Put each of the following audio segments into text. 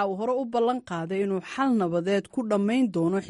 waxa uu hore u ballan qaaday inuu xal nabadeed ku dhammayn doono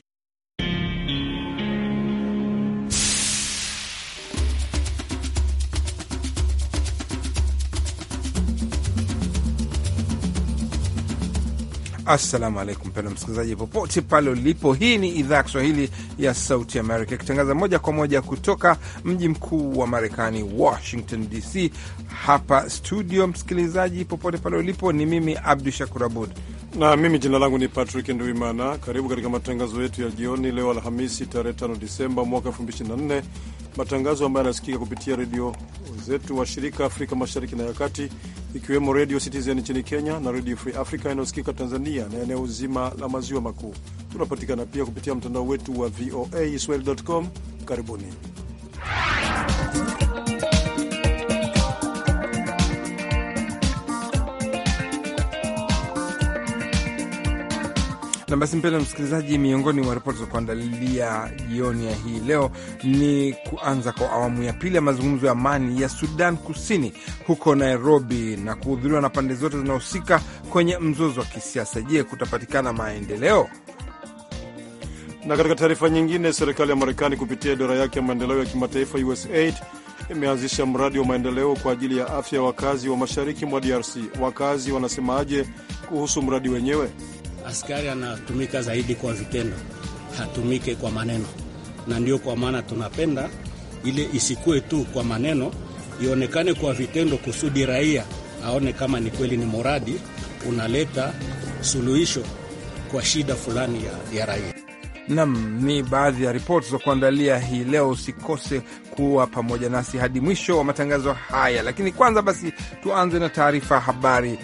Assalamu alaikum pendo msikilizaji, popote pale ulipo. Hii ni idhaa ya Kiswahili ya Sauti Amerika ikitangaza moja kwa moja kutoka mji mkuu wa Marekani, Washington DC. Hapa studio, msikilizaji, popote pale ulipo, ni mimi Abdu Shakur Abud na mimi jina langu ni Patrick Nduimana. Karibu katika matangazo yetu ya jioni leo Alhamisi tarehe 5 Disemba mwaka 2024, matangazo ambayo yanasikika kupitia redio zetu wa shirika Afrika mashariki na ya kati, ikiwemo Redio Citizen nchini Kenya na Redio Free Africa inayosikika Tanzania na eneo zima la maziwa makuu. Tunapatikana pia kupitia mtandao wetu wa VOA Swahili.com. Karibuni. na basi, mpendwa msikilizaji, miongoni mwa ripoti za kuandalia jioni ya hii leo ni kuanza kwa awamu ya pili ya mazungumzo ya amani ya Sudan Kusini huko Nairobi na kuhudhuriwa na pande zote zinahusika kwenye mzozo wa kisiasa. Je, kutapatikana maendeleo? Na katika taarifa nyingine, serikali ya Marekani kupitia idara yake ya maendeleo ya kimataifa USAID imeanzisha mradi wa maendeleo kwa ajili ya afya ya wakazi wa mashariki mwa DRC. Wakazi wanasemaje kuhusu mradi wenyewe? askari anatumika zaidi kwa vitendo, hatumike kwa maneno, na ndio kwa maana tunapenda ile isikue tu kwa maneno, ionekane kwa vitendo, kusudi raia aone kama ni kweli ni muradi unaleta suluhisho kwa shida fulani ya, ya raia. Nam ni baadhi ya ripoti za kuandalia hii leo. Usikose kuwa pamoja nasi hadi mwisho wa matangazo haya, lakini kwanza basi tuanze na taarifa habari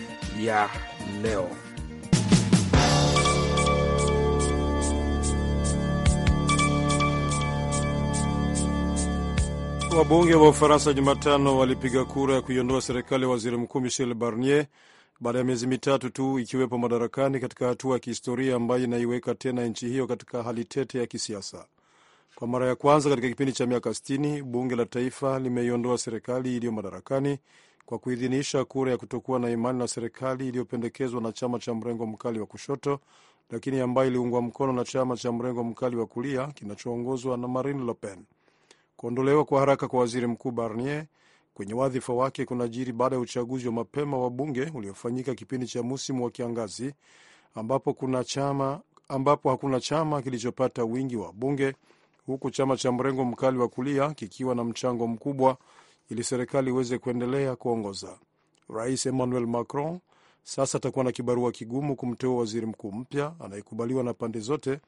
ya leo. Wabunge wa Ufaransa Jumatano walipiga kura ya kuiondoa serikali ya waziri mkuu Michel Barnier baada ya miezi mitatu tu ikiwepo madarakani, katika hatua ya kihistoria ambayo inaiweka tena nchi hiyo katika hali tete ya kisiasa. Kwa mara ya kwanza katika kipindi cha miaka 60 bunge la taifa limeiondoa serikali iliyo madarakani kwa kuidhinisha kura ya kutokuwa na imani na serikali iliyopendekezwa na chama cha mrengo mkali wa kushoto, lakini ambayo iliungwa mkono na chama cha mrengo mkali wa kulia kinachoongozwa na Marine Le Pen. Kuondolewa kwa haraka kwa waziri mkuu Barnier kwenye wadhifa wake kunajiri baada ya uchaguzi wa mapema wa bunge uliofanyika kipindi cha musimu wa kiangazi ambapo, kuna chama, ambapo hakuna chama kilichopata wingi wa bunge huku chama cha mrengo mkali wa kulia kikiwa na mchango mkubwa ili serikali iweze kuendelea kuongoza. Rais Emmanuel Macron sasa atakuwa na kibarua kigumu kumteua waziri mkuu mpya anayekubaliwa na pande zote,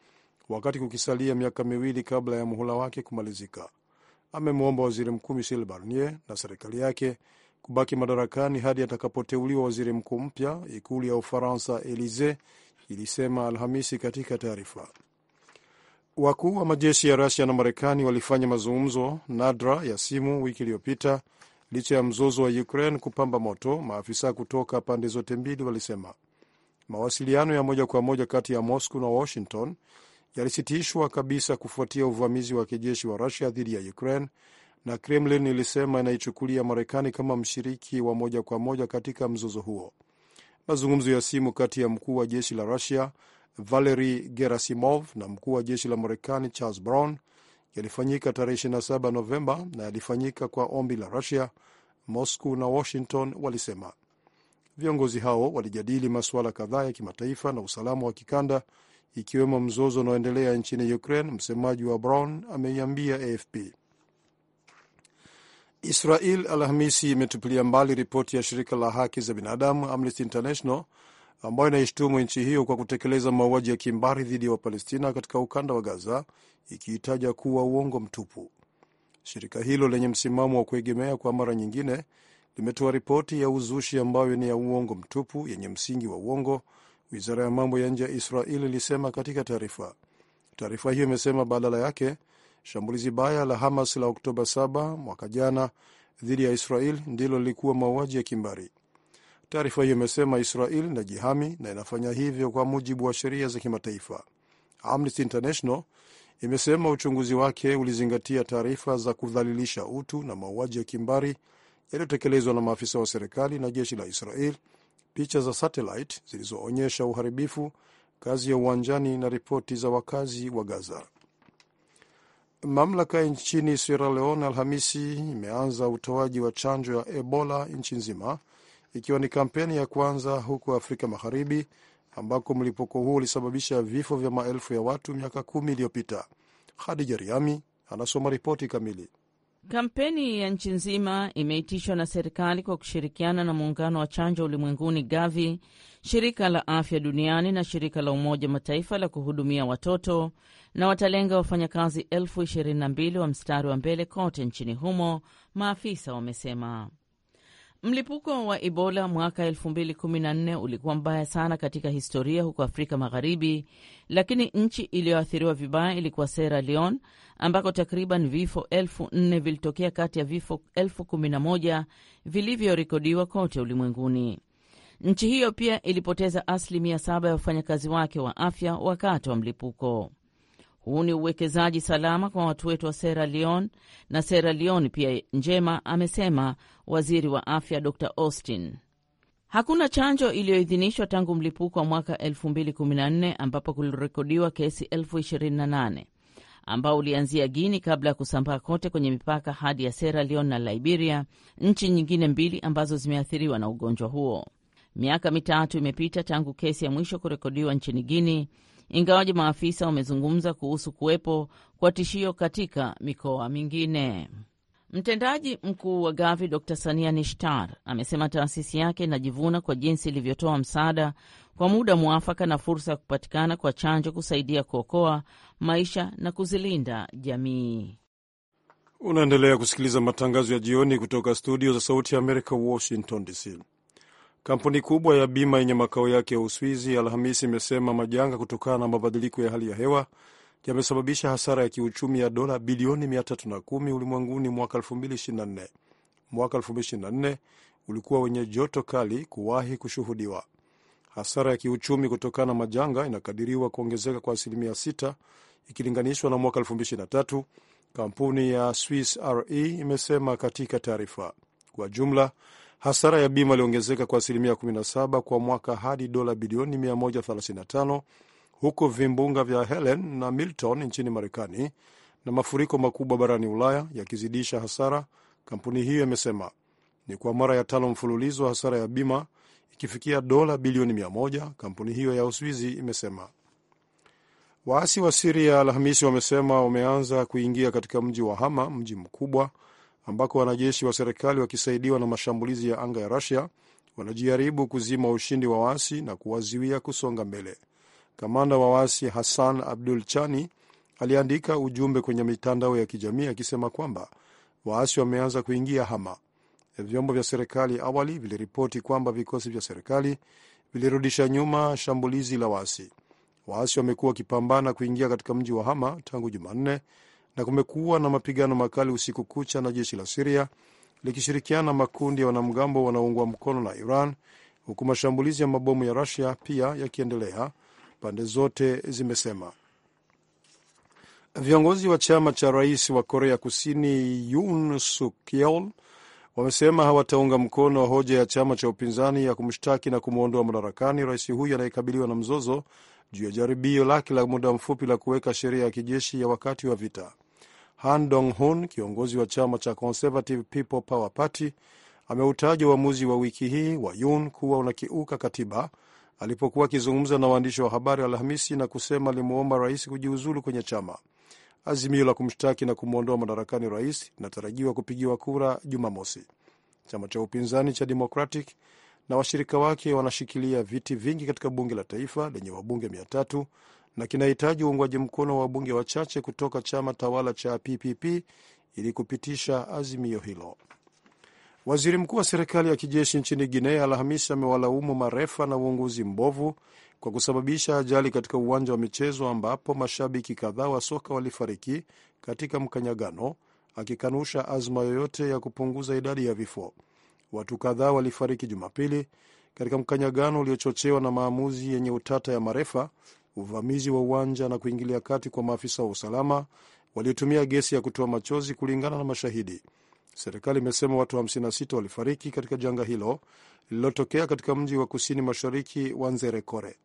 wakati kukisalia miaka miwili kabla ya muhula wake kumalizika amemwomba waziri mkuu Michel Barnier na serikali yake kubaki madarakani hadi atakapoteuliwa waziri mkuu mpya, ikulu ya Ufaransa Elise ilisema Alhamisi katika taarifa. Wakuu wa majeshi ya Rasia na Marekani walifanya mazungumzo nadra ya simu wiki iliyopita licha ya mzozo wa Ukraine kupamba moto, maafisa kutoka pande zote mbili walisema. Mawasiliano ya moja kwa moja kati ya Moscow na Washington yalisitishwa kabisa kufuatia uvamizi wa kijeshi wa Rusia dhidi ya Ukraine, na Kremlin ilisema inaichukulia Marekani kama mshiriki wa moja kwa moja katika mzozo huo. Mazungumzo ya simu kati ya mkuu wa jeshi la Rusia Valery Gerasimov na mkuu wa jeshi la Marekani Charles Brown yalifanyika tarehe 27 Novemba na yalifanyika kwa ombi la Rusia. Moscow na Washington walisema viongozi hao walijadili masuala kadhaa ya kimataifa na usalama wa kikanda ikiwemo mzozo unaoendelea nchini Ukraine. Msemaji wa Brown ameiambia AFP. Israel Alhamisi imetupilia mbali ripoti ya shirika la haki za binadamu Amnesty International ambayo inaishtumu nchi hiyo kwa kutekeleza mauaji ya kimbari dhidi ya Wapalestina katika ukanda wa Gaza, ikiitaja kuwa uongo mtupu. Shirika hilo lenye msimamo wa kuegemea kwa mara nyingine limetoa ripoti ya uzushi ambayo ni ya uongo mtupu yenye msingi wa uongo wizara ya mambo ya nje ya Israel ilisema katika taarifa. Taarifa hiyo imesema badala yake shambulizi baya la Hamas la Oktoba 7 mwaka jana dhidi ya Israel ndilo lilikuwa mauaji ya kimbari. Taarifa hiyo imesema Israel inajihami na inafanya hivyo kwa mujibu wa sheria za kimataifa. Amnesty International imesema uchunguzi wake ulizingatia taarifa za kudhalilisha utu na mauaji ya kimbari yaliyotekelezwa na maafisa wa serikali na jeshi la Israel picha za satellite zilizoonyesha uharibifu, kazi ya uwanjani na ripoti za wakazi wa Gaza. Mamlaka nchini Sierra Leone Alhamisi imeanza utoaji wa chanjo ya Ebola nchi nzima, ikiwa ni kampeni ya kwanza huko Afrika Magharibi ambako mlipuko huo ulisababisha vifo vya maelfu ya watu miaka kumi iliyopita. Hadija Riami anasoma ripoti kamili. Kampeni ya nchi nzima imeitishwa na serikali kwa kushirikiana na muungano wa chanjo ulimwenguni Gavi, shirika la afya duniani na shirika la Umoja Mataifa la kuhudumia watoto, na watalenga wafanyakazi elfu ishirini na mbili wa mstari wa mbele kote nchini humo, maafisa wamesema. Mlipuko wa Ebola mwaka 2014 ulikuwa mbaya sana katika historia huko Afrika Magharibi, lakini nchi iliyoathiriwa vibaya ilikuwa Sierra Leone ambako takriban vifo elfu nne vilitokea kati ya vifo elfu kumi na moja vilivyorekodiwa kote ulimwenguni. Nchi hiyo pia ilipoteza asilimia saba ya wafanyakazi wake wa afya wakati wa mlipuko. Huu ni uwekezaji salama kwa watu wetu wa Sierra Leone na Sierra Leone pia njema, amesema waziri wa afya Dr Austin. Hakuna chanjo iliyoidhinishwa tangu mlipuko wa mwaka 2014 ambapo kulirekodiwa kesi 28 ambao ulianzia Guini kabla ya kusambaa kote kwenye mipaka hadi ya Sierra Leone na Liberia, nchi nyingine mbili ambazo zimeathiriwa na ugonjwa huo. Miaka mitatu imepita tangu kesi ya mwisho kurekodiwa nchini Guini ingawaji maafisa wamezungumza kuhusu kuwepo kwa tishio katika mikoa mingine. Mtendaji mkuu wa Gavi Dr Sania Nishtar amesema taasisi yake inajivuna kwa jinsi ilivyotoa msaada kwa muda mwafaka na fursa ya kupatikana kwa chanjo kusaidia kuokoa maisha na kuzilinda jamii. Unaendelea kusikiliza matangazo ya jioni kutoka studio za Sauti ya Amerika, Washington DC. Kampuni kubwa ya bima yenye makao yake ya Uswizi Alhamisi imesema majanga kutokana na mabadiliko ya hali ya hewa yamesababisha hasara ya kiuchumi ya dola bilioni 310 ulimwenguni mwaka 2024. Mwaka 2024 ulikuwa wenye joto kali kuwahi kushuhudiwa. Hasara ya kiuchumi kutokana na majanga inakadiriwa kuongezeka kwa asilimia 6 ikilinganishwa na mwaka 2023, kampuni ya Swiss Re imesema katika taarifa. Kwa jumla Hasara ya bima iliongezeka kwa asilimia 17 kwa mwaka hadi dola bilioni 135 huku vimbunga vya Helen na Milton nchini Marekani na mafuriko makubwa barani Ulaya yakizidisha hasara, kampuni hiyo imesema. Ni kwa mara ya tano mfululizo wa hasara ya bima ikifikia dola bilioni 100, kampuni hiyo ya Uswizi imesema. Waasi wa Siria Alhamisi wamesema wameanza kuingia katika mji wa Hama, mji mkubwa ambako wanajeshi wa serikali wakisaidiwa na mashambulizi ya anga ya Rusia wanajaribu kuzima ushindi wa waasi na kuwaziwia kusonga mbele. Kamanda wa waasi Hassan Abdul Chani aliandika ujumbe kwenye mitandao ya kijamii akisema kwamba waasi wameanza kuingia Hama. Vyombo vya serikali awali viliripoti kwamba vikosi vya serikali vilirudisha nyuma shambulizi la waasi. Waasi wamekuwa wakipambana kuingia katika mji wa Hama tangu Jumanne na kumekuwa na mapigano makali usiku kucha na jeshi la Siria likishirikiana na makundi ya wanamgambo wanaoungwa mkono na Iran, huku mashambulizi ya mabomu ya Rusia pia yakiendelea, pande zote zimesema. Viongozi wa chama cha rais wa Korea Kusini Yoon Suk Yeol wamesema hawataunga mkono hoja ya chama cha upinzani ya kumshtaki na kumwondoa madarakani rais huyo anayekabiliwa na mzozo juu ya jaribio lake la muda mfupi la kuweka sheria ya kijeshi ya wakati wa vita. Han Dong Hun, kiongozi wa chama cha Conservative People Power Party, ameutaja uamuzi wa wiki hii wa Yun kuwa unakiuka katiba alipokuwa akizungumza na waandishi wa habari Alhamisi na kusema alimwomba rais kujiuzulu kwenye chama. Azimio la kumshtaki na kumwondoa madarakani rais linatarajiwa kupigiwa kura Jumamosi. Chama cha upinzani cha Democratic na washirika wake wanashikilia viti vingi katika bunge la taifa lenye wabunge mia tatu na kinahitaji uungwaji mkono wa wabunge wachache kutoka chama tawala cha PPP ili kupitisha azimio hilo. Waziri mkuu wa serikali ya kijeshi nchini Guinea Alhamisi amewalaumu marefa na uongozi mbovu kwa kusababisha ajali katika uwanja wa michezo ambapo mashabiki kadhaa wa soka walifariki katika mkanyagano, akikanusha azma yoyote ya kupunguza idadi ya vifo. Watu kadhaa walifariki Jumapili katika mkanyagano uliochochewa na maamuzi yenye utata ya marefa uvamizi wa uwanja na kuingilia kati kwa maafisa wa usalama waliotumia gesi ya kutoa machozi, kulingana na mashahidi. Serikali imesema watu 56 walifariki katika janga hilo lililotokea katika mji wa kusini mashariki wa Nzerekore.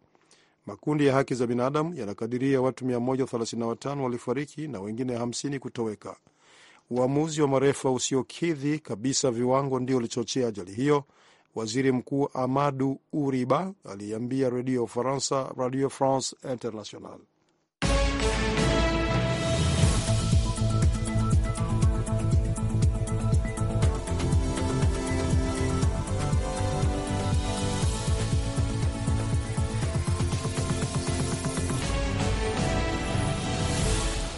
Makundi ya haki za binadamu yanakadiria watu 135 walifariki na wengine 50 kutoweka. Uamuzi wa marefa usiokidhi kabisa viwango ndio ulichochea ajali hiyo Waziri Mkuu Amadu Uriba aliambia redio Faransa, Radio France International.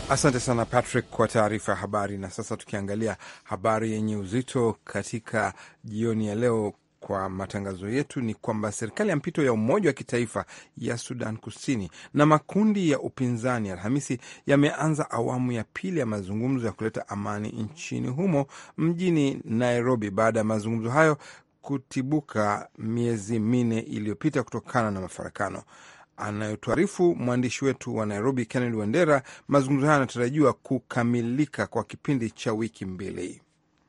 Asante sana Patrick kwa taarifa ya habari. Na sasa tukiangalia habari yenye uzito katika jioni ya leo kwa matangazo yetu ni kwamba serikali ya mpito ya umoja wa kitaifa ya Sudan Kusini na makundi ya upinzani Alhamisi yameanza awamu ya pili ya mazungumzo ya kuleta amani nchini humo mjini Nairobi baada ya mazungumzo hayo kutibuka miezi minne iliyopita kutokana na mafarakano anayotuarifu mwandishi wetu wa Nairobi, Kennedy Wendera. Mazungumzo hayo yanatarajiwa kukamilika kwa kipindi cha wiki mbili.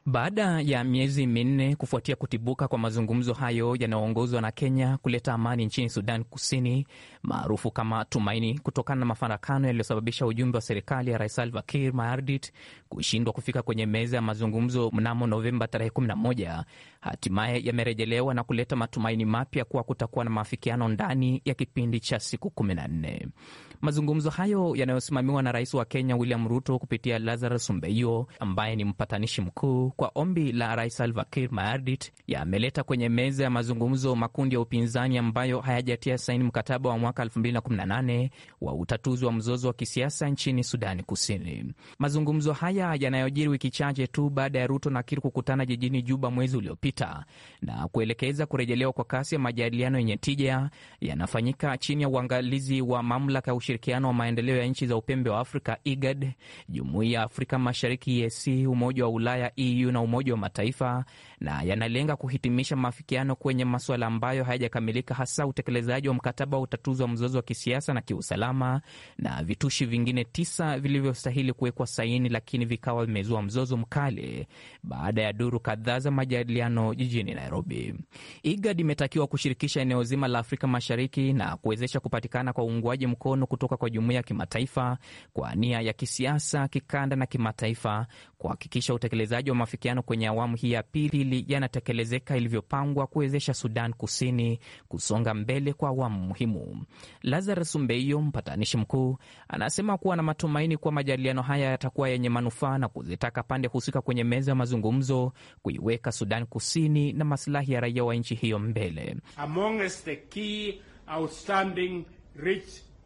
Baada ya miezi minne kufuatia kutibuka kwa mazungumzo hayo yanayoongozwa na Kenya kuleta amani nchini Sudan Kusini, maarufu kama Tumaini, kutokana na mafarakano yaliyosababisha ujumbe wa serikali ya Rais Salva Kiir Mayardit kushindwa kufika kwenye meza ya mazungumzo mnamo Novemba tarehe 11, hatimaye yamerejelewa na kuleta matumaini mapya kuwa kutakuwa na maafikiano ndani ya kipindi cha siku 14. Mazungumzo hayo yanayosimamiwa na rais wa Kenya William Ruto kupitia Lazarus Mbeio ambaye ni mpatanishi mkuu kwa ombi la Rais Salva Kiir Mayardit yameleta kwenye meza ya mazungumzo makundi ya upinzani ambayo hayajatia saini mkataba wa mwaka 2018 wa utatuzi wa mzozo wa kisiasa nchini Sudani Kusini. Mazungumzo haya yanayojiri wiki chache tu baada ya Ruto na Kiir kukutana jijini Juba mwezi uliopita na kuelekeza kurejelewa kwa kasi ya majadiliano yenye tija yanafanyika chini ya uangalizi wa mamlaka ya ushirikiano wa maendeleo ya nchi za upembe wa Afrika IGAD, Jumuiya ya Afrika Mashariki EAC, Umoja wa Ulaya EU AU na Umoja wa Mataifa na yanalenga kuhitimisha maafikiano kwenye masuala ambayo hayajakamilika, hasa utekelezaji wa mkataba wa utatuzi wa mzozo wa kisiasa na kiusalama na vitushi vingine tisa vilivyostahili kuwekwa saini, lakini vikawa vimezua mzozo mkali baada ya duru kadhaa za majadiliano jijini Nairobi. IGAD imetakiwa kushirikisha eneo zima la Afrika Mashariki na kuwezesha kupatikana kwa uungwaji mkono kutoka kwa jumuiya ya kimataifa kwa nia ya kisiasa, kikanda na kimataifa kuhakikisha utekelezaji wa maafikiano kwenye awamu hii ya pili yanatekelezeka ilivyopangwa kuwezesha Sudan Kusini kusonga mbele kwa awamu muhimu. Lazarus Mbeyo, mpatanishi mkuu, anasema kuwa na matumaini kuwa majadiliano haya yatakuwa yenye manufaa na kuzitaka pande husika kwenye meza ya mazungumzo kuiweka Sudan Kusini na masilahi ya raia wa nchi hiyo mbele. the key outstanding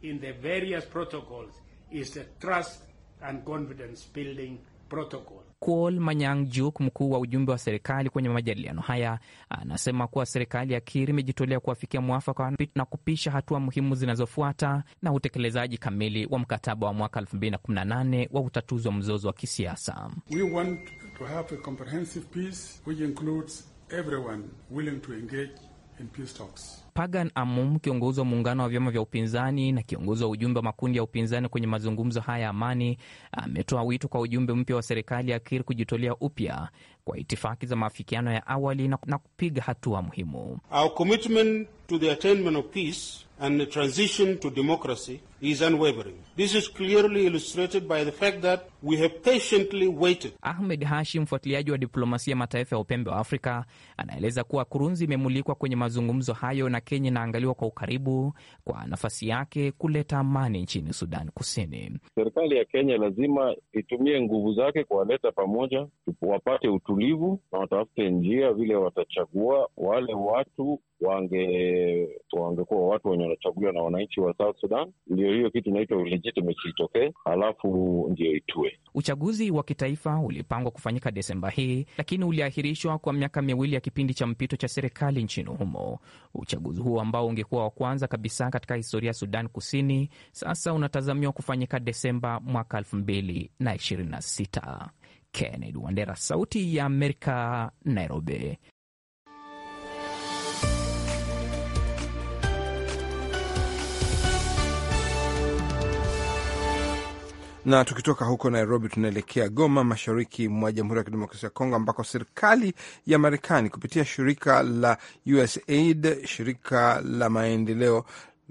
in the various protocols is the trust and confidence building protocol. Kuol Manyang Juk, mkuu wa ujumbe wa serikali kwenye majadiliano haya, anasema kuwa serikali ya kiri imejitolea kuwafikia mwafaka na kupisha hatua muhimu zinazofuata na utekelezaji kamili wa mkataba wa mwaka 2018 wa utatuzi wa mzozo wa kisiasa. We want to have a comprehensive peace which includes everyone willing to engage in peace talks. Pagan Amum, kiongozi wa muungano wa vyama vya upinzani na kiongozi wa ujumbe wa makundi ya upinzani kwenye mazungumzo haya ya amani, ametoa wito kwa ujumbe mpya wa serikali ya Kir kujitolea upya kwa itifaki za maafikiano ya awali na, na kupiga hatua muhimu. Our commitment to the attainment of peace and the transition to democracy is unwavering. This is clearly illustrated by the fact that we have patiently waited. Ahmed Hashi, mfuatiliaji wa diplomasia mataifa ya upembe wa Afrika, anaeleza kuwa kurunzi imemulikwa kwenye mazungumzo hayo na Kenya inaangaliwa kwa ukaribu kwa nafasi yake kuleta amani nchini Sudan Kusini. Serikali ya Kenya lazima itumie nguvu zake kuwaleta pamoja, wapate utulivu utulivu na watafute njia vile watachagua wale watu wange wangekuwa watu wenye wanachaguliwa na wananchi wa South Sudan. Ndio hiyo kitu inaitwa legitimacy itokee, alafu ndio itue. Uchaguzi wa kitaifa ulipangwa kufanyika Desemba hii, lakini uliahirishwa kwa miaka miwili ya kipindi cha mpito cha serikali nchini humo. Uchaguzi huo ambao ungekuwa wa kwanza kabisa katika historia ya Sudan Kusini sasa unatazamiwa kufanyika Desemba mwaka elfu mbili na ishirini na sita. Kennedy Wandera, Sauti ya Amerika, Nairobi. Na tukitoka huko Nairobi, tunaelekea Goma, mashariki mwa Jamhuri ya Kidemokrasia ya Kongo, ambako serikali ya Marekani kupitia shirika la USAID, shirika la maendeleo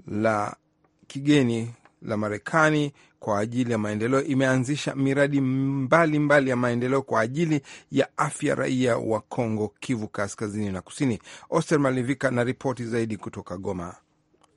la kigeni la Marekani kwa ajili ya maendeleo imeanzisha miradi mbalimbali mbali ya maendeleo kwa ajili ya afya raia wa Kongo, Kivu kaskazini na kusini. Oster Malivika na ripoti zaidi kutoka Goma.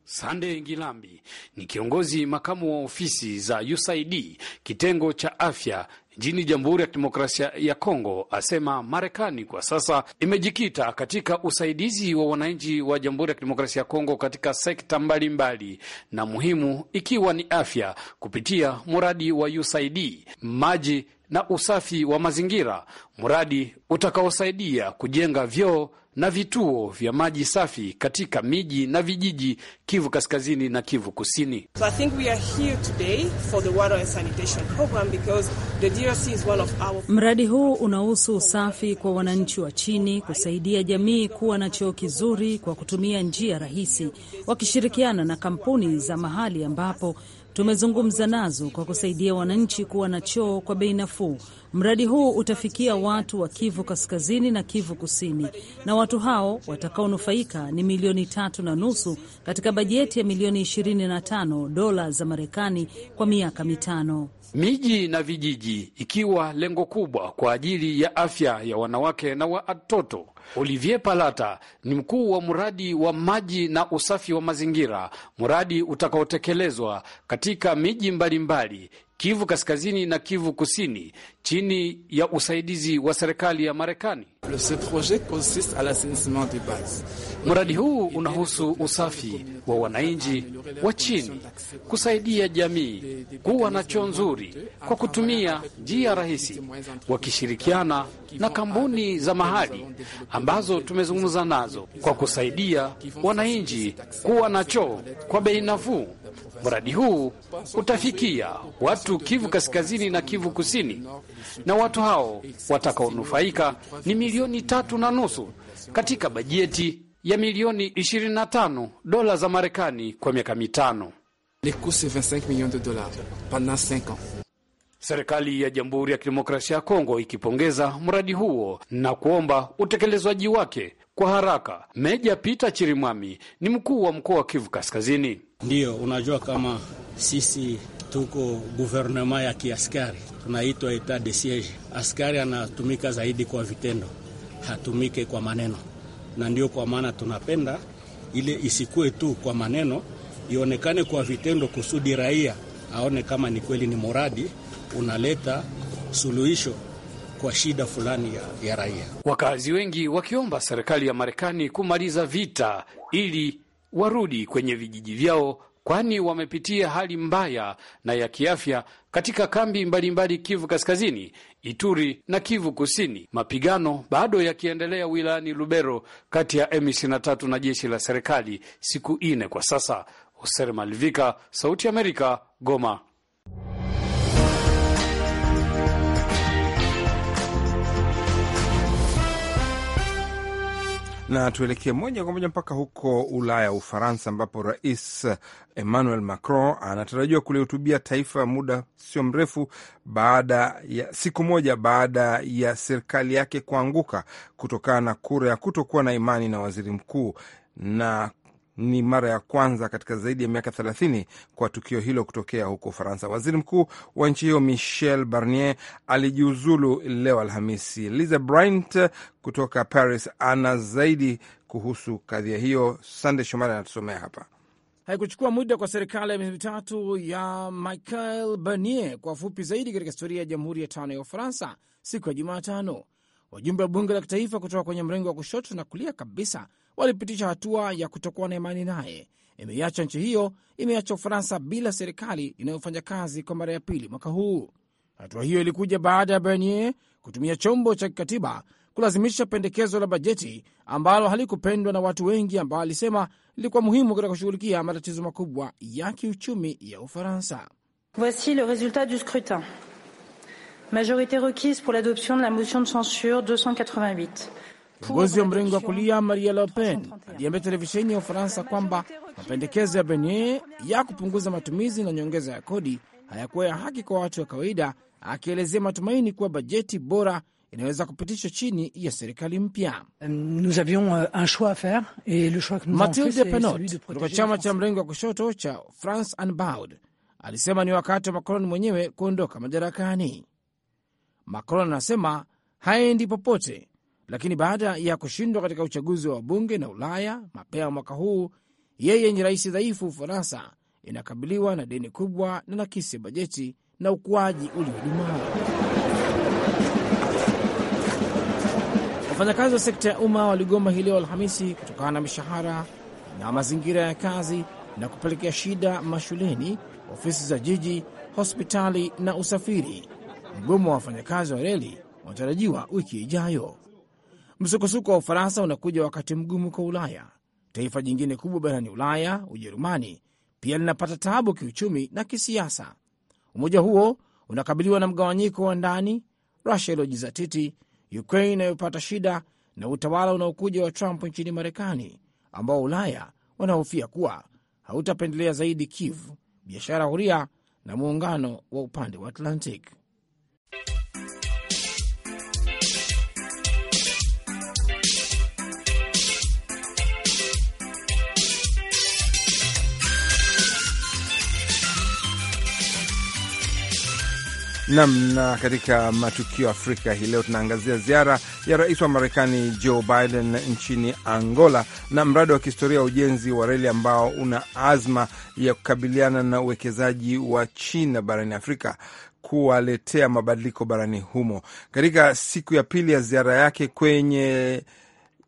Sande Ngilambi ni kiongozi makamu wa ofisi za USAID kitengo cha afya nchini Jamhuri ya Kidemokrasia ya Kongo asema Marekani kwa sasa imejikita katika usaidizi wa wananchi wa Jamhuri ya Kidemokrasia ya Kongo katika sekta mbalimbali mbali, na muhimu ikiwa ni afya kupitia mradi wa USAID, maji na usafi wa mazingira, mradi utakaosaidia kujenga vyoo na vituo vya maji safi katika miji na vijiji Kivu Kaskazini na Kivu Kusini. So I think we are here today for the water and sanitation program because the DRC is one of our... Mradi huu unahusu usafi kwa wananchi wa chini, kusaidia jamii kuwa na choo kizuri kwa kutumia njia rahisi, wakishirikiana na kampuni za mahali ambapo tumezungumza nazo kwa kusaidia wananchi kuwa na choo kwa bei nafuu. Mradi huu utafikia watu wa Kivu Kaskazini na Kivu Kusini, na watu hao watakaonufaika ni milioni tatu na nusu katika bajeti ya milioni 25 dola za Marekani kwa miaka mitano miji na vijiji, ikiwa lengo kubwa kwa ajili ya afya ya wanawake na watoto. Olivier Palata ni mkuu wa mradi wa maji na usafi wa mazingira, mradi utakaotekelezwa katika miji mbalimbali Kivu Kaskazini na Kivu Kusini chini ya usaidizi wa serikali ya Marekani. Mradi huu unahusu usafi wa wananchi wa chini, kusaidia jamii kuwa na choo nzuri kwa kutumia njia rahisi, wakishirikiana na kampuni za mahali ambazo tumezungumza nazo, kwa kusaidia wananchi kuwa na choo kwa bei nafuu. Mradi huu utafikia watu Kivu Kaskazini na Kivu Kusini, na watu hao watakaonufaika ni milioni tatu na nusu katika bajeti ya milioni 25 dola za Marekani kwa miaka mitano. Serikali ya Jamhuri ya Kidemokrasia ya Kongo ikipongeza mradi huo na kuomba utekelezwaji wake kwa haraka. Meja Peter Chirimwami ni mkuu wa mkoa wa Kivu Kaskazini ndio unajua kama sisi tuko guvernema ya kiaskari, tunaitwa etat de siege. Askari anatumika zaidi kwa vitendo, hatumike kwa maneno, na ndio kwa maana tunapenda ile isikue tu kwa maneno, ionekane kwa vitendo, kusudi raia aone kama ni kweli ni muradi unaleta suluhisho kwa shida fulani ya, ya raia. Wakazi wengi wakiomba serikali ya Marekani kumaliza vita ili warudi kwenye vijiji vyao, kwani wamepitia hali mbaya na ya kiafya katika kambi mbalimbali mbali Kivu Kaskazini, Ituri na Kivu Kusini. Mapigano bado yakiendelea wilayani Lubero kati ya M23 na jeshi la serikali siku ine kwa sasa. Hoser Malivika, Sauti Amerika, Goma. Na tuelekee moja kwa moja mpaka huko Ulaya, Ufaransa, ambapo Rais Emmanuel Macron anatarajiwa kulihutubia taifa muda sio mrefu baada ya siku moja baada ya serikali yake kuanguka kutokana na kura ya kutokuwa na imani na waziri mkuu na ni mara ya kwanza katika zaidi ya miaka 30 kwa tukio hilo kutokea huko Ufaransa. Waziri mkuu wa nchi hiyo Michel Barnier alijiuzulu leo Alhamisi. Lisa Bryant kutoka Paris ana zaidi kuhusu kadhia hiyo. Sande Shomari anatusomea hapa. Haikuchukua muda kwa serikali ya miezi mitatu ya Michel Barnier, kwa fupi zaidi katika historia ya Jamhuri ya Tano ya Ufaransa, siku ya Jumatano Wajumbe wa bunge la kitaifa kutoka kwenye mrengo wa kushoto na kulia kabisa walipitisha hatua ya kutokuwa na imani naye, imeiacha nchi hiyo, imeacha Ufaransa bila serikali inayofanya kazi kwa mara ya pili mwaka huu. Hatua hiyo ilikuja baada ya Barnier kutumia chombo cha kikatiba kulazimisha pendekezo la bajeti ambalo halikupendwa na watu wengi, ambao alisema lilikuwa muhimu katika kushughulikia matatizo makubwa ya kiuchumi ya Ufaransa. Voici le resultat du scrutin Majorité requise pour l'adoption de la motion de censure 288. Kiongozi wa mrengo wa kulia Maria Le Pen aliambia televisheni ya Ufaransa kwamba mapendekezo ya Bernier ya kupunguza matumizi na nyongeza ya kodi hayakuwa ya haki kwa watu wa kawaida, akielezea matumaini kuwa bajeti bora inaweza kupitishwa chini ya serikali mpya. Um, uh, Mathilde Panot kutoka chama cha mrengo wa kushoto cha France Unbound alisema ni wakati wa Macron mwenyewe kuondoka madarakani. Macron anasema haendi popote, lakini baada ya kushindwa katika uchaguzi wa wabunge na Ulaya mapema mwaka huu, yeye ni rais dhaifu. Ufaransa inakabiliwa na deni kubwa na nakisi ya bajeti na ukuaji uliodumaa. Wafanyakazi wa sekta ya umma waligoma hii leo Alhamisi kutokana na mishahara na mazingira ya kazi na kupelekea shida mashuleni, ofisi za jiji, hospitali na usafiri Mgomo wa wafanyakazi wa reli unatarajiwa wiki ijayo. Msukosuko wa Ufaransa unakuja wakati mgumu kwa Ulaya. Taifa jingine kubwa barani Ulaya, Ujerumani, pia linapata taabu kiuchumi na kisiasa. Umoja huo unakabiliwa na mgawanyiko wa ndani, Rusia iliyojizatiti, Ukraine inayopata shida na utawala unaokuja wa Trump nchini Marekani, ambao Ulaya wanahofia kuwa hautapendelea zaidi Kiev, biashara huria na muungano wa upande wa Atlantic. Nam na katika matukio Afrika hii leo tunaangazia ziara ya rais wa Marekani Joe Biden nchini Angola na mradi wa kihistoria wa ujenzi wa reli ambao una azma ya kukabiliana na uwekezaji wa China barani Afrika kuwaletea mabadiliko barani humo. Katika siku ya pili ya ziara yake kwenye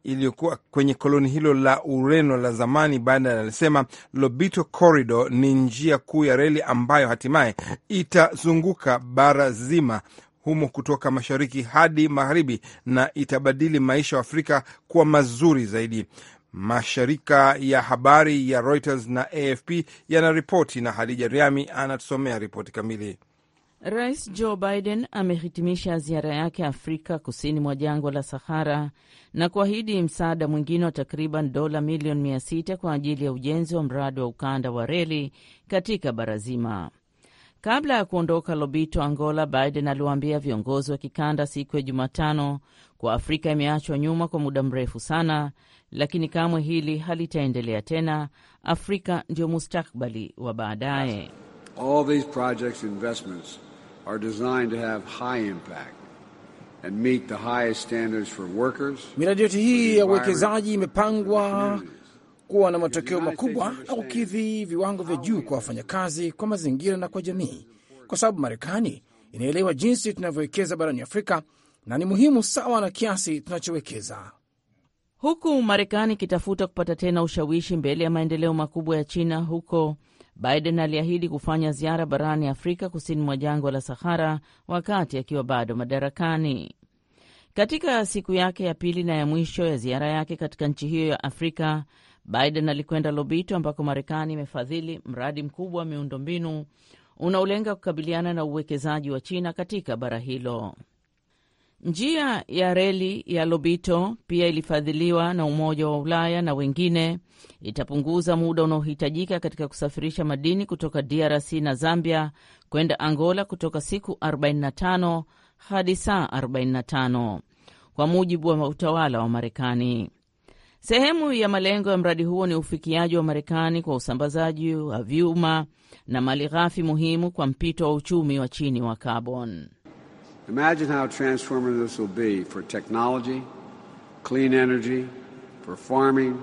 iliyokuwa kwenye koloni hilo la Ureno la zamani baada, alisema Lobito Corridor ni njia kuu ya reli ambayo hatimaye itazunguka bara zima humo kutoka mashariki hadi magharibi na itabadili maisha ya Afrika kuwa mazuri zaidi. Mashirika ya habari ya Reuters na AFP yanaripoti, na Hadija Riami anatusomea ripoti kamili. Rais Joe Biden amehitimisha ziara yake Afrika kusini mwa jangwa la Sahara na kuahidi msaada mwingine wa takriban dola milioni sita kwa ajili ya ujenzi wa mradi wa ukanda wa reli katika bara zima. Kabla ya kuondoka Lobito, Angola, Biden aliwaambia viongozi wa kikanda siku ya Jumatano kwa Afrika imeachwa nyuma kwa muda mrefu sana, lakini kamwe hili halitaendelea tena. Afrika ndio mustakbali wa baadaye are designed to have high impact and meet the highest standards for workers. Miradi yote hii ya uwekezaji imepangwa kuwa na matokeo makubwa na kukidhi viwango vya juu kwa wafanyakazi, kwa mazingira na kwa jamii, kwa sababu Marekani inaelewa jinsi tunavyowekeza barani Afrika na ni muhimu sawa na kiasi tunachowekeza huku Marekani ikitafuta kupata tena ushawishi mbele ya maendeleo makubwa ya China huko Biden aliahidi kufanya ziara barani Afrika kusini mwa jangwa la Sahara wakati akiwa bado madarakani. Katika siku yake ya pili na ya mwisho ya ziara yake katika nchi hiyo ya Afrika, Biden alikwenda Lobito ambako Marekani imefadhili mradi mkubwa wa miundombinu unaolenga kukabiliana na uwekezaji wa China katika bara hilo. Njia ya reli ya Lobito pia ilifadhiliwa na Umoja wa Ulaya na wengine, itapunguza muda unaohitajika katika kusafirisha madini kutoka DRC na Zambia kwenda Angola kutoka siku 45 hadi saa 45 kwa mujibu wa utawala wa Marekani. Sehemu ya malengo ya mradi huo ni ufikiaji wa Marekani kwa usambazaji wa vyuma na mali ghafi muhimu kwa mpito wa uchumi wa chini wa kaboni. Imagine how transformative this will be for technology, clean energy, for farming,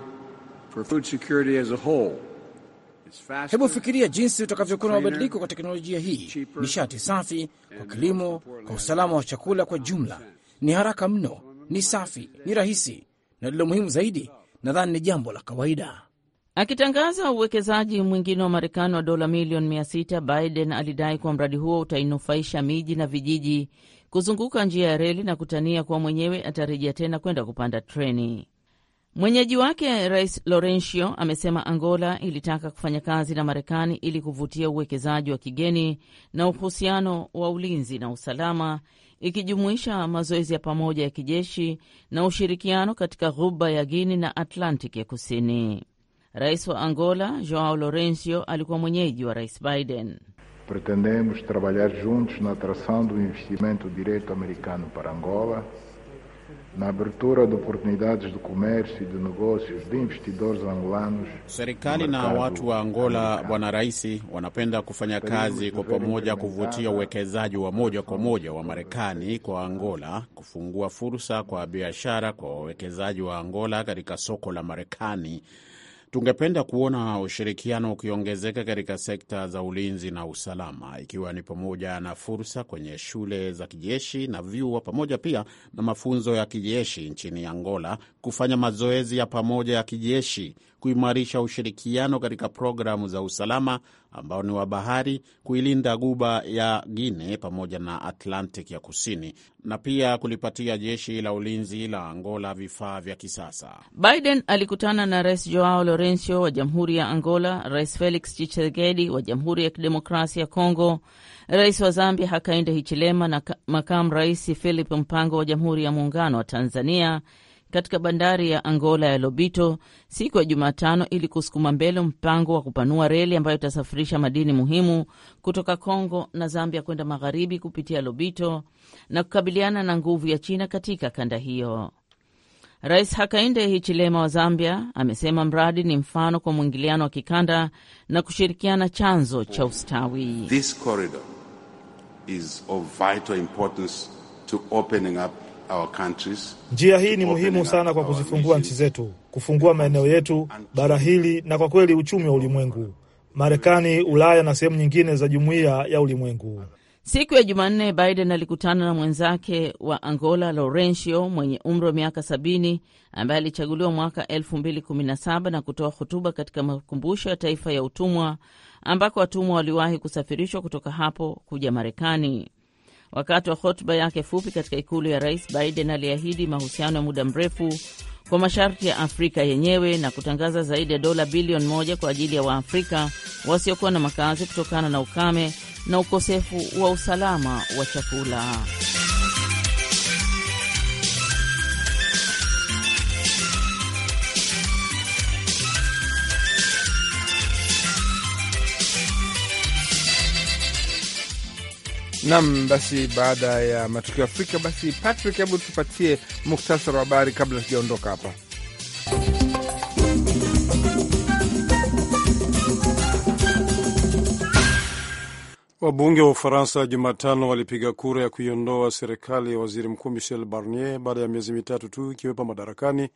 for food security as a whole. Hebu fikiria jinsi utakavyokuwa na mabadiliko kwa teknolojia hii, nishati safi kwa kilimo, kwa usalama wa chakula kwa jumla. Ni haraka mno, ni safi, ni rahisi, na lilo muhimu zaidi, nadhani ni jambo la kawaida. Akitangaza uwekezaji mwingine wa Marekani wa dola milioni sita, Biden alidai kuwa mradi huo utainufaisha miji na vijiji kuzunguka njia ya reli na kutania kuwa mwenyewe atarejea tena kwenda kupanda treni. Mwenyeji wake Rais Laurencio amesema Angola ilitaka kufanya kazi na Marekani ili kuvutia uwekezaji wa kigeni na uhusiano wa ulinzi na usalama, ikijumuisha mazoezi ya pamoja ya kijeshi na ushirikiano katika ghuba ya Guini na atlantic ya Kusini. Rais wa Angola Joao lorencio alikuwa mwenyeji wa Rais Biden. pretendemos trabalhar juntos na atração do investimento direto americano para Angola na abertura de oportunidades de comércio e de negócios de investidores angolanos. Serikali na watu wa Angola, bwana rais, wanapenda kufanya kazi kwa pamoja kuvutia uwekezaji wa moja kwa moja wa Marekani kwa Angola, kufungua fursa kwa biashara kwa wawekezaji wa Angola katika soko la Marekani Tungependa kuona ushirikiano ukiongezeka katika sekta za ulinzi na usalama, ikiwa ni pamoja na fursa kwenye shule za kijeshi na vyuo, pamoja pia na mafunzo ya kijeshi nchini Angola, kufanya mazoezi ya pamoja ya kijeshi, kuimarisha ushirikiano katika programu za usalama ambao ni wa bahari kuilinda guba ya guine pamoja na Atlantic ya kusini na pia kulipatia jeshi la ulinzi la Angola vifaa vya kisasa. Biden alikutana na Rais Joao Lorencio wa Jamhuri ya Angola, Rais Felix Tshisekedi wa Jamhuri ya Kidemokrasia ya Kongo, Rais wa Zambia Hakainde Hichilema na makamu Rais Philip Mpango wa Jamhuri ya Muungano wa Tanzania katika bandari ya Angola ya Lobito siku ya Jumatano ili kusukuma mbele mpango wa kupanua reli ambayo itasafirisha madini muhimu kutoka Kongo na Zambia kwenda magharibi kupitia Lobito na kukabiliana na nguvu ya China katika kanda hiyo. Rais Hakainde Hichilema wa Zambia amesema mradi ni mfano kwa mwingiliano wa kikanda na kushirikiana chanzo cha ustawi. This corridor is of vital importance to opening up Njia hii ni muhimu sana kwa kuzifungua nchi zetu, kufungua maeneo yetu, bara hili na kwa kweli uchumi wa ulimwengu, Marekani, Ulaya na sehemu nyingine za jumuiya ya ulimwengu. Siku ya Jumanne, Biden alikutana na mwenzake wa Angola, Laurencio, mwenye umri wa miaka sabini, ambaye alichaguliwa mwaka 2017 na kutoa hotuba katika makumbusho ya taifa ya utumwa, ambako watumwa waliwahi kusafirishwa kutoka hapo kuja Marekani. Wakati wa hotuba yake fupi katika ikulu ya rais, Biden aliahidi mahusiano ya muda mrefu kwa masharti ya Afrika yenyewe na kutangaza zaidi ya dola bilioni moja kwa ajili ya Waafrika wasiokuwa na makazi kutokana na ukame na ukosefu wa usalama wa chakula. Nam, basi baada ya matukio Afrika, basi Patrick, hebu tupatie muktasari wa habari kabla tujaondoka hapa. Wabunge wa Ufaransa Jumatano walipiga kura ya kuiondoa serikali ya waziri mkuu Michel Barnier baada ya miezi mitatu tu ikiwepo madarakani,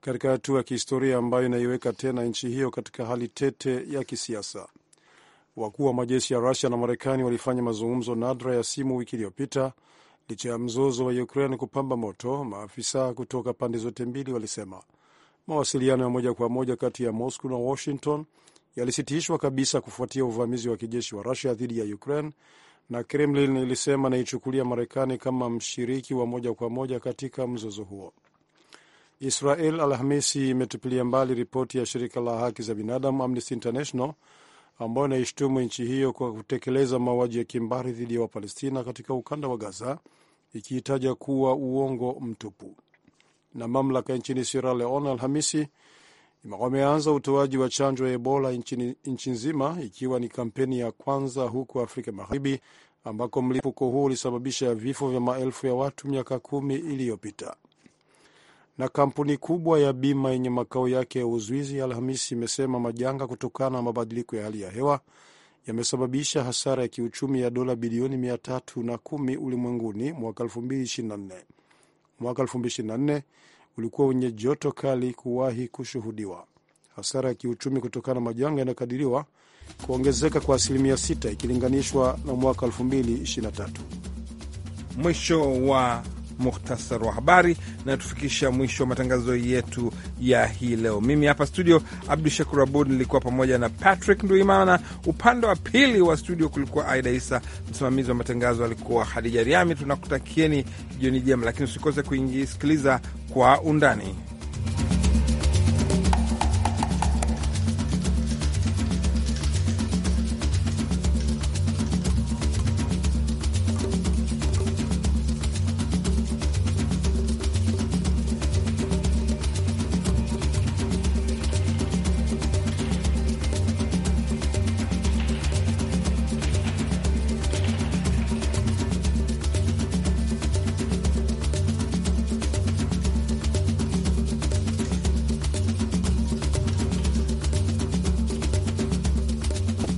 katika hatua ya kihistoria ambayo inaiweka tena nchi hiyo katika hali tete ya kisiasa. Wakuu wa majeshi ya Rusia na Marekani walifanya mazungumzo nadra ya simu wiki iliyopita licha ya mzozo wa Ukraine kupamba moto. Maafisa kutoka pande zote mbili walisema mawasiliano ya moja kwa moja kati ya Moscow na Washington yalisitishwa kabisa kufuatia uvamizi wa kijeshi wa Rusia dhidi ya Ukraine, na Kremlin ilisema naichukulia Marekani kama mshiriki wa moja kwa moja katika mzozo huo. Israel Alhamisi imetupilia mbali ripoti ya shirika la haki za binadamu Amnesty International ambayo inaishtumu nchi hiyo kwa kutekeleza mauaji ya kimbari dhidi ya Wapalestina katika ukanda wa Gaza, ikiitaja kuwa uongo mtupu. Na mamlaka nchini Sierra Leone Alhamisi wameanza utoaji wa chanjo ya Ebola nchi nzima, ikiwa ni kampeni ya kwanza huko Afrika Magharibi ambako mlipuko huo ulisababisha vifo vya maelfu ya watu miaka kumi iliyopita na kampuni kubwa ya bima yenye makao yake ya uzuizi Alhamisi imesema majanga kutokana na mabadiliko ya hali ya hewa yamesababisha hasara ya kiuchumi ya dola bilioni 310 ulimwenguni mwaka 2024. Mwaka 2024 ulikuwa wenye joto kali kuwahi kushuhudiwa. Hasara ya kiuchumi kutokana na majanga yanakadiriwa kuongezeka kwa asilimia 6 ikilinganishwa na mwaka 2023. Mwisho wa muhtasar wa habari na tufikisha mwisho wa matangazo yetu ya hii leo. Mimi hapa studio Abdu Shakur Abud nilikuwa pamoja na Patrick Nduimana, upande wa pili wa studio kulikuwa Aida Isa, msimamizi wa matangazo alikuwa Hadija Riami. Tunakutakieni jioni jema, lakini usikose kuingisikiliza kwa undani.